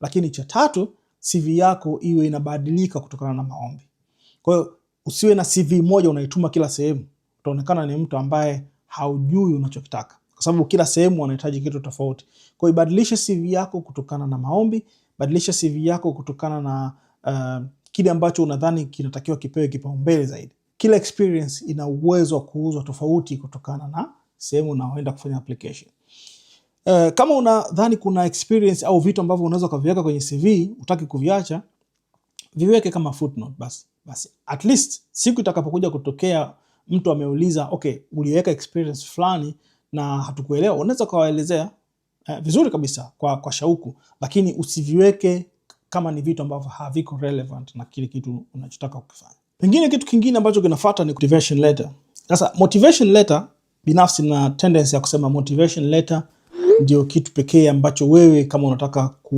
Lakini cha tatu, CV yako iwe inabadilika kutokana na maombi. Kwa hiyo usiwe na CV moja unaituma kila sehemu, utaonekana ni mtu ambaye haujui unachokitaka, kwa sababu kila sehemu wanahitaji kitu tofauti. Kwa hiyo CV yako kutokana na maombi, badilisha CV yako kutokana na uh, kile ambacho unadhani kinatakiwa kipewe kipaumbele zaidi. Kila experience ina uwezo wa kuuzwa tofauti kutokana na sehemu unaoenda kufanya application. Eh, kama unadhani kuna experience au vitu ambavyo unaweza ukaviweka kwenye CV utaki kuviacha, viweke kama footnote basi. Basi at least siku itakapokuja kutokea mtu ameuliza, okay, uliweka experience fulani na hatukuelewa, unaweza ukawaelezea eh, vizuri kabisa kwa, kwa shauku, lakini usiviweke kama ni vitu ambavyo haviko relevant na kile kitu unachotaka kukifanya. Pengine kitu kingine ambacho kinafuata ni motivation letter. Sasa motivation letter binafsi na tendency ya kusema motivation letter ndio kitu pekee ambacho wewe kama unataka ku